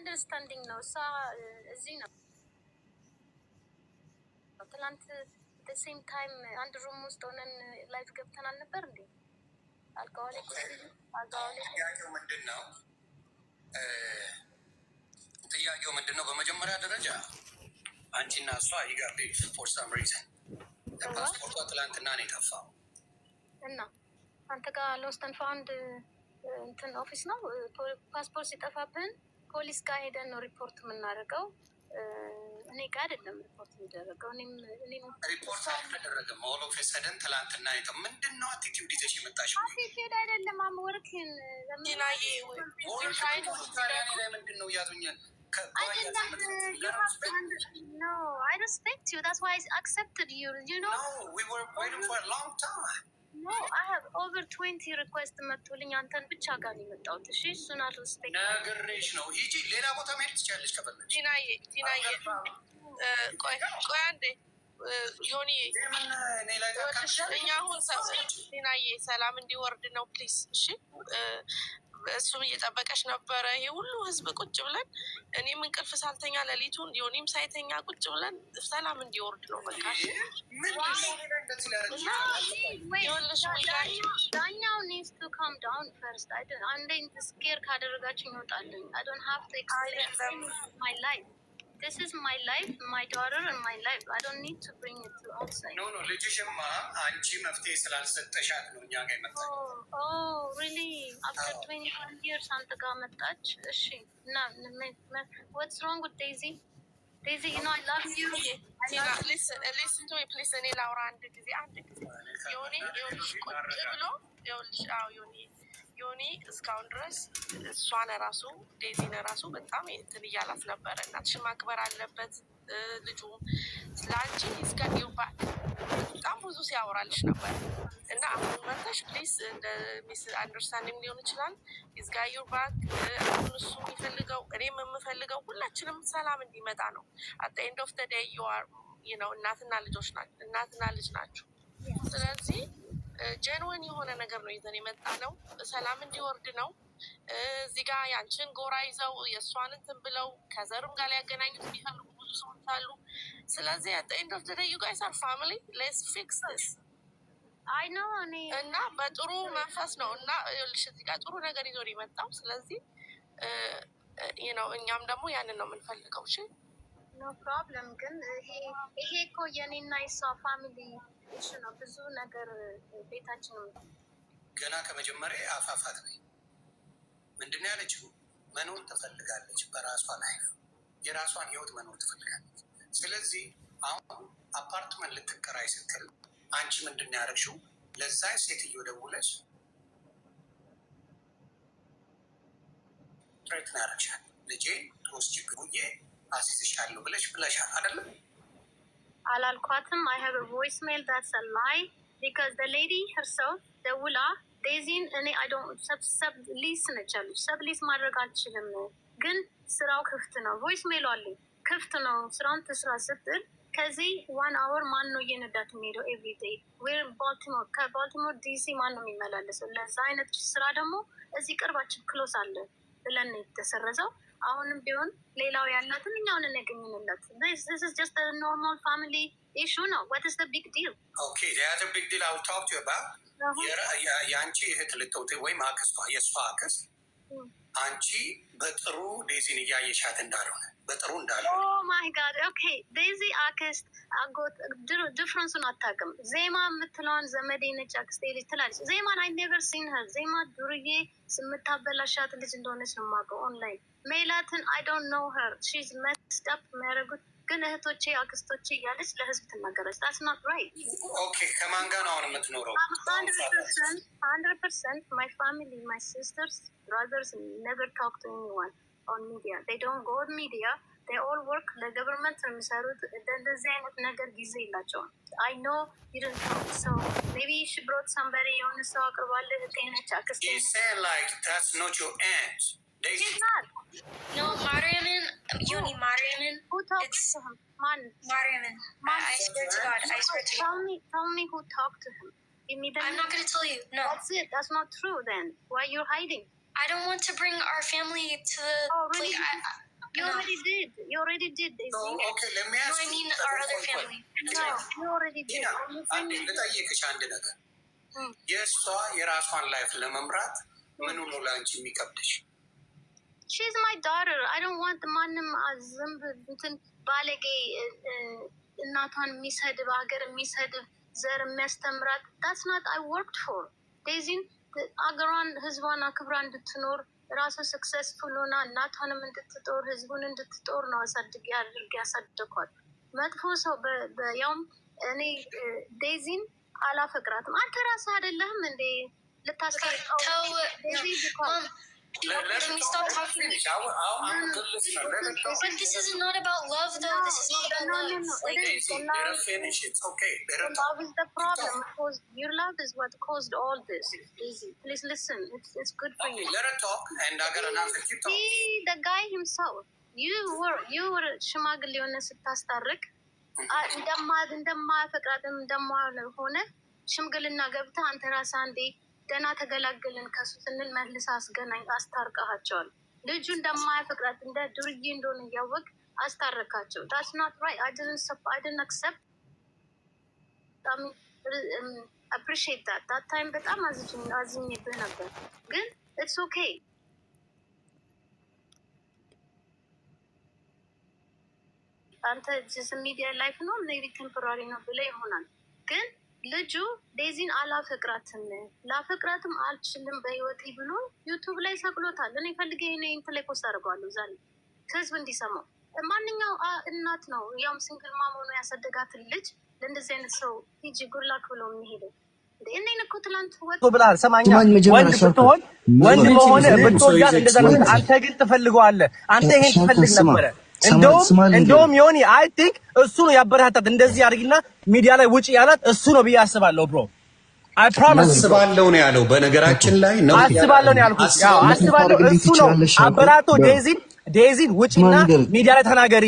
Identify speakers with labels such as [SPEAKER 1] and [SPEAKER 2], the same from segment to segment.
[SPEAKER 1] አንደርስታንዲንግ ነው። እሷ እዚህ ነው። ትናንት ሴም ታይም አንድ ሩም ውስጥ ሆነን ላይፍ ገብተናል ነበር እንዴ? አልጋዋሌ ምንድን
[SPEAKER 2] ነው? ጥያቄው ምንድን ነው? በመጀመሪያ ደረጃ አንቺና እሷ ይጋር ፎር ሳም ሪዝን ፓስፖርቷ ትላንትና ነው የጠፋው
[SPEAKER 1] እና አንተ ጋር ሎስት ኤንድ ፋውንድ እንትን ኦፊስ ነው ፓስፖርት ሲጠፋብህን ፖሊስ ጋር ሄደን ነው ሪፖርት የምናደርገው። እኔ ጋር አይደለም ሪፖርት የሚደረገው።
[SPEAKER 2] ሪፖርት አልተደረገም። ኦል ኦፍ ሰደን ትላንትና አይተው ምንድን ነው አቲቲዩድ ይዘሽ
[SPEAKER 1] የመጣሽ? አቲቲዩድ አይደለም። አምወርክን
[SPEAKER 2] ምንድን ነው እያዙኛል ነው
[SPEAKER 3] ኦቨር ትዌንቲ ሪኩዌስት መጥቶልኝ አንተን ብቻ ጋር ነው የመጣሁት። እሺ እሱን አልወስደኝ
[SPEAKER 2] ነግሬሽ ነው። ሂጂ፣ ሌላ ቦታ መሄድ ትችያለሽ ከፈለግሽ።
[SPEAKER 3] ቲናዬ ቲናዬ፣ ቆይ ቆይ አንዴ ዮኒ፣ እኛ አሁን ሰላም እንዲወርድ ነው ፕሊዝ። እሺ እሱም እየጠበቀች ነበረ። ይሄ ሁሉ ህዝብ ቁጭ ብለን እኔም እንቅልፍ ሳልተኛ ሌሊቱን ዮኒም ሳይተኛ ቁጭ ብለን ሰላም እንዲወርድ ነው በቃ። አንዴ ስኬር ካደረጋችን ይወጣለኝ this is my life, my daughter and my life. I don't need to bring it to outside.
[SPEAKER 2] No, no, ልጅሽማ አንቺ መፍትሄ ስላልሰጠሻት
[SPEAKER 3] ነው እኛ ጋር የመጣችው። Oh, really? After 21 years አንተ ጋር መጣች? no, እና what's wrong with Daisy? Daisy, you know I love you. Listen, listen to me please. እኔ ላውራ አንድ ጊዜ አንድ ጊዜ የሆነ የሆነ ቁጭ ብሎ ይኸውልሽ፣ አዎ የሆነ ዮኒ እስካሁን ድረስ እሷን ራሱ ዴዚን ራሱ በጣም እንትን እያላት ነበረ። እናትሽን ማክበር አለበት ልጁ ስለአንቺ እስከ በጣም ብዙ ሲያወራልሽ ነበር እና አሁን መተሽ ፕሊስ እንደ ሚስ አንደርስታንዲንግ ሊሆን ይችላል ይዝጋዩ ባክ አሁን እሱ የሚፈልገው እኔም የምፈልገው ሁላችንም ሰላም እንዲመጣ ነው። አት ኤንድ ኦፍ ተደይ ዩ ነው እናትና ልጆች እናትና ልጅ ናቸው። ስለዚህ ጀንወን የሆነ ነገር ነው ይዘን የመጣ ነው። ሰላም እንዲወርድ ነው። እዚህ ጋ ያንችን ጎራ ይዘው የእሷን እንትን ብለው ከዘሩም ጋር ሊያገናኙት የሚፈልጉ ብዙ ሰዎች አሉ። ስለዚህ ኤንድ ኦፍ ዘ ዩ ጋይስ አር ፋሚሊ ሌስ ፊክስ እና በጥሩ መንፈስ ነው እና እዚህ ጋ ጥሩ ነገር ይዞን የመጣው ስለዚህ ነው። እኛም ደግሞ ያንን ነው የምንፈልገው።
[SPEAKER 1] ኖ ፕሮብለም። ግን ይሄ እኮ የኔና የሷ ፋሚሊ እሱ ነው። ብዙ ነገር ቤታችን
[SPEAKER 2] ገና ከመጀመሪያ አፋፋት ነኝ። ምንድን ነው ያለችው? መኖር ትፈልጋለች። በራሷ ላይፍ የራሷን ህይወት መኖር ትፈልጋለች። ስለዚህ አሁን አፓርትመንት ልትከራይ ስትል አንቺ ምንድን ነው ያደረግሽው? ለዛ ሴትዮ ደውለሽ ትሬት ነው ያደረግሻል። ልጄ ትወስጂ አስይዝሻለሁ ብለሽ ብለሻል አይደለም?
[SPEAKER 3] አላልኳትም። አይ ሀቭ ቮይስ ሜል ዳትስ ላይ ቢካዝ ደ ሌዲ ህርሰልፍ ደውላ ዴዚን እኔ አይ ዶንት ሰብ ሰብ ሊስ ነቻሉ ሰብ ሊስ ማድረግ አልችልም፣ ግን ስራው ክፍት ነው። ቮይስ ሜሉ አለኝ ክፍት ነው፣ ስራውን ትስራ ስትል ከዚህ ዋን አወር ማን ነው እየነዳት የሚሄደው? ኤቭሪ ኤቭሪዴይ ዌር ባልቲሞር፣ ከባልቲሞር ዲሲ ማን ነው የሚመላለሰው? ለዛ አይነት ስራ ደግሞ እዚህ ቅርባችን ክሎስ አለ ብለን የተሰረዘው አሁንም ቢሆን ሌላው ያላትን እኛውን እንገኝንለት ስ ኖርማል ፋሚሊ ኢሹ ነው። ወትስ ቢግ ዲል
[SPEAKER 2] ቢግ ዲል የአንቺ እህት ልትውት ወይም አክስቷ የእሷ አክስት አንቺ በጥሩ ዴዚን እያየሻት እንዳልሆነ በጥሩ
[SPEAKER 3] እንዳልሆነ ማይ ጋድ ኦኬ። ዴዚ አክስት አጎት ድፍረንሱን አታውቅም። ዜማ የምትለዋን ዘመዴ ነች አክስቴ ልጅ ትላለች። ዜማን አይ ኔቨር ሲን ሄር ዜማ ዱርዬ የምታበላሻት ልጅ እንደሆነች ነው የማውቀው። ኦንላይን ሜላትን አይ ዶንት ኖው ሄር ሺዝ መስድ አፕ የሚያደርጉት ግን እህቶቼ አክስቶቼ እያለች ለህዝብ ትናገራች። ታስናት ራይት።
[SPEAKER 2] ኦኬ ከማን ጋር ነው አሁን የምትኖረው?
[SPEAKER 1] ሀንድረድ ፐርሰንት ማይ ፋሚሊ ማይ ሲስተርስ ብራዘርስ ነቨር ታክ ቱ ኤኒዋን ኦን ሚዲያ ዴይ ዶንት ጎ ኦን ሚዲያ ዴይ ኦል ወርክ ለገቨርንመንት ነው የሚሰሩት። እንደዚህ አይነት ነገር ጊዜ የላቸውም። አይ ኖ ይድን ሰው ሜይ ቢ ሺ ብሮት ሳምበሪ የሆነ ሰው አቅርባለ
[SPEAKER 2] ጤነች አክስቴ ላይክ ታስ ኖት ዮር ኤንድ
[SPEAKER 4] ኖ ማርያምን
[SPEAKER 1] talked it's to him? Man.
[SPEAKER 4] Mariam. Man. I, I swear to God. I swear to tell
[SPEAKER 1] God. Tell me, tell me who talked to him.
[SPEAKER 4] Give me the. I'm name. not going to tell you. No.
[SPEAKER 1] That's it. That's not true. Then why you're hiding?
[SPEAKER 4] I don't want to bring our family to the.
[SPEAKER 1] Oh, really? I, you already did. You already did.
[SPEAKER 2] They no, okay, let me ask no, I
[SPEAKER 4] mean our other family.
[SPEAKER 1] No, you already did.
[SPEAKER 2] አንዴ ልጠይቅሽ አንድ ነገር የእሷ የራሷን ላይፍ ለመምራት ምኑ ነው ለአንቺ የሚከብድሽ?
[SPEAKER 3] ሺዝ ማይ ዳተር አይ ዶንት ዋንት ማንም ዝንብ እንትን ባለጌ እናቷን የሚሰድብ ሀገር የሚሰድብ ዘር የሚያስተምራት ዳትስ ናት አይ ወርክድ ፎር ዴዚን አገሯን ህዝቧን አክብራ እንድትኖር ራሱ ስክሰስፉል ሆና እናቷንም እንድትጦር ህዝቡን እንድትጦር ነው አሳድጌ አድርጌ ያሳድኳል። መጥፎ ሰው ያውም እኔ ዴዚን አላፈቅራትም። አንተ ራስህ አይደለህም እንዴ
[SPEAKER 4] ልታስቀርጠው Let, let can we stop talking?
[SPEAKER 2] I, am a good listener.
[SPEAKER 4] Let her talk. But this is not about love, though. this is not about love. No, no, no.
[SPEAKER 2] let her finish. It's okay.
[SPEAKER 1] Let her talk. Love is the problem. your love is what caused all this. Daisy, please listen. It's, it's good for you.
[SPEAKER 2] Let her talk, and I got an answer. Keep talking.
[SPEAKER 3] See the guy himself. You were you were ሽማግሌውን ስታስታርቅ እንደማ እንደማፈቅራት እንደማ ሆነ ሽምግልና ገብተህ አንተ ራስህ አንዴ ደህና ተገላገልን ከሱ ስንል መልስ አስገናኝ አስታርቀሃቸዋል። ልጁ እንደማያፈቅራት እንደ ዱርዬ እንደሆነ እያወቅ አስታረካቸው። ታስናት ራይ አድን አክሰፕት አፕሪሺየት ዳት ዳት ታይም በጣም አዝኝብህ ነበር፣ ግን ኢትስ ኦኬ አንተ ጅስ ሚዲያ ላይፍ ነው ሜቢ ቴምፖራሪ ነው ብለህ ይሆናል ግን ልጁ ዴዚን አላፈቅራትም ላፈቅራትም አልችልም በህይወቴ ብሎ ዩቱብ ላይ ሰቅሎታል። እኔ ፈልጌ እንትን ላይ ፖስት አድርገዋለሁ ዛሬ ህዝብ እንዲሰማው። ማንኛው እናት ነው ያውም ሲንግል ማም ሆኖ ያሳደጋትን ልጅ ለእንደዚህ አይነት ሰው ሂጂ ጉድላክ ብሎ የሚሄደው ብትሆን
[SPEAKER 5] ወንድ በሆነ ብትወዳት እንደዛ አንተ ግን ትፈልገዋለህ። አንተ ይሄን ትፈልግ ነበረ እንደውም ዮኒ አይ ቲንክ እሱ ነው ያበረታታት። እንደዚህ አድርጊና ሚዲያ ላይ ውጪ ያላት እሱ ነው ብዬ አስባለሁ። ብሮ
[SPEAKER 2] አስባለሁ ነው ያለው። በነገራችን
[SPEAKER 5] ላይ ነው አስባለው ነው ያልኩት። ያው አስባለው እሱ ነው አበራቶ ዴዚን ዴዚን ውጪና ሚዲያ ላይ ተናገሪ።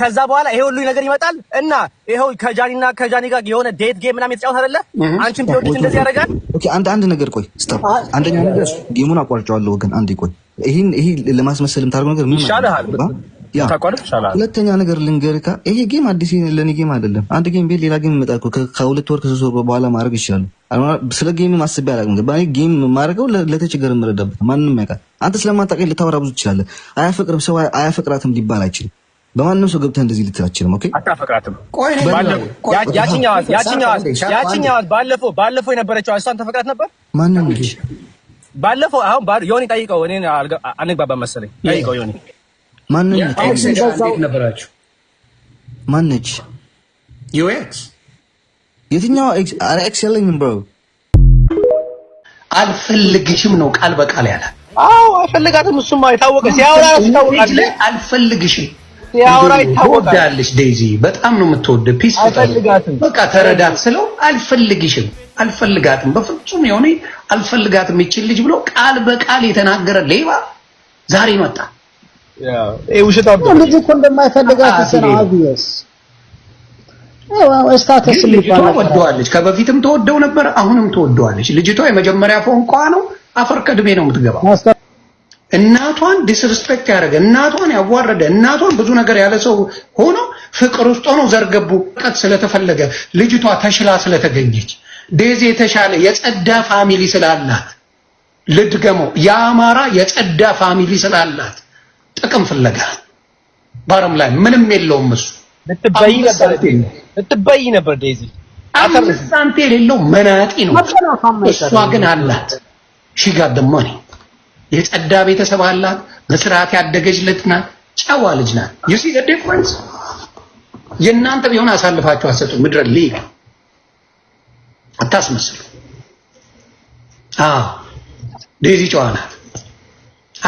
[SPEAKER 5] ከዛ በኋላ ይሄ ሁሉ ነገር ይመጣል እና ይሄው ከጃኒና ከጃኒ ጋር የሆነ ዴት ጌም ምናምን የተጫወት አይደለ? አንቺም ቢወድት እንደዚህ
[SPEAKER 6] ያደርጋል። ኦኬ አንድ አንድ ነገር ቆይ፣ ስታፕ። አንደኛ ነገር ጌሙን አቋርጫዋለሁ፣ ወገን አንድ ቆይ። ይሄን ይሄ ለማስመሰል የምታደርገው ነገር ምን ይሻልሃል? ሁለተኛ ነገር ልንገርካ፣ ይሄ ጌም አዲስ ለእኔ ጌም አይደለም። አንድ ጌም ቤት ሌላ ጌም ይመጣል። ከሁለት ወር ከሶስት ወር በኋላ ማድረግ ይችላሉ። ስለ ጌም ማስቤ አላውቅም። ገባህ? ጌም ማድረገው ለተቸገረ የምረዳበት ማንም ያውቃል። አንተ ስለማታውቀኝ ልታወራ ብዙ ትችላለህ። አያፈቅርም ሰው አያፈቅራትም ሊባል አይችልም። በማንም ሰው ገብተህ እንደዚህ ልትል አትችልም።
[SPEAKER 5] ኦኬ፣ አታፈቅራትም። ባለፈው ባለፈው የነበረችው እሷን ተፈቅራት ነበር። ማንም ባለፈው አሁን ዮኒ ጠይቀው። እኔ አልግባባ መሰለኝ ጠይቀው ዮኒ ማንነት ነበራችሁ?
[SPEAKER 6] ማነች? ዩኤክስ የትኛው ኤክስ የለኝም ብሮ
[SPEAKER 2] አልፈልግሽም ነው ቃል በቃል ያለ።
[SPEAKER 5] አዎ አልፈልጋትም። እሱማ የታወቀ ሲያወራ
[SPEAKER 2] ሲታወቃል። አልፈልግሽም ሲያወራ ይታወቃል። ትወዳለሽ ዴዚ፣ በጣም ነው የምትወደ ፒስ። በቃ ተረዳት ስለው አልፈልግሽም፣ አልፈልጋትም፣ በፍጹም የሆነ አልፈልጋትም ይችል ልጅ ብሎ ቃል በቃል የተናገረ ሌባ ዛሬ መጣ።
[SPEAKER 6] ልጁ እኮ እንደማይፈልጋት ኦብቪየስ ስታተስ
[SPEAKER 2] ወደዋለች። ከበፊትም ተወደው ነበር፣ አሁንም ተወደዋለች። ልጅቷ የመጀመሪያ ፎንቋ ነው። አፈር ቀድሜ ነው የምትገባው። እናቷን ዲስርስፔክት ያደረገ እናቷን ያዋረደ እናቷን ብዙ ነገር ያለ ሰው ሆኖ ፍቅር ውስጥ ሆኖ ዘርገቡ ቀጥ ስለተፈለገ ልጅቷ ተሽላ ስለተገኘች ዴዚ የተሻለ የጸዳ ፋሚሊ ስላላት ልድገመው፣ የአማራ የጸዳ ፋሚሊ ስላላት ጥቅም ፍለጋ ባረም ላይ ምንም የለውም። እሱ
[SPEAKER 5] ልትበይ ነበር ልትበይ ነበር ዴዚ
[SPEAKER 2] አምስት ሳንቲም የሌለው መናጢ ነው። እሷ ግን አላት። ሺ ጋር ደግሞ የጸዳ ቤተሰብ አላት። በስርዓት ያደገች ልጅ ናት። ጨዋ ልጅ ናት። ዩ ሲ ዘ ዲፍረንስ። የእናንተ ቢሆን አሳልፋችሁ አሰጡ። ምድረ ሊግ አታስመስሉ። አዎ ዴዚ ጨዋ ናት።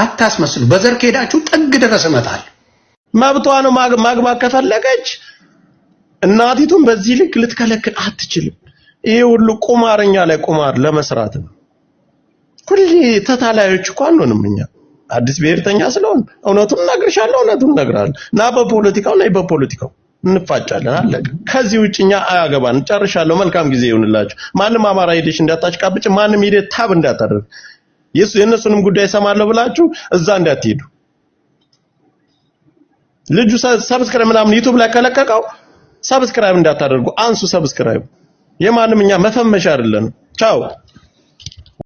[SPEAKER 2] አታስመስሉ። በዘር ከሄዳችሁ ጥግ ድረስ እመጣል። መብቷ ነው። ማግባት ከፈለገች እናቲቱን በዚህ ልክ ልትከለክል አትችልም። ይሄ ሁሉ ቁማርኛ ላይ ቁማር ለመስራት ነው። ሁሌ ተታላዮች እኮ አንሆንም እኛ አዲስ ብሔርተኛ ስለሆን እውነቱን እነግርሻለሁ፣ እውነቱን እነግራለሁ። ና በፖለቲካው ና በፖለቲካው እንፋጫለን። አለቀ። ከዚህ ውጭ እኛ አያገባን። ጨርሻለሁ። መልካም ጊዜ ይሁንላችሁ። ማንም አማራ ሄደሽ እንዳታጭቃብጭ፣ ማንም ሄደ ታብ እንዳታደርግ የእነሱንም ጉዳይ ሰማለሁ ብላችሁ እዛ እንዳትሄዱ። ልጁ ሰብስክራይብ ምናምን ዩቲዩብ ላይ ከለቀቀው ሰብስክራይብ እንዳታደርጉ፣ አንሱ። ሰብስክራይብ የማንም እኛ መፈመሻ አይደለንም። ቻው።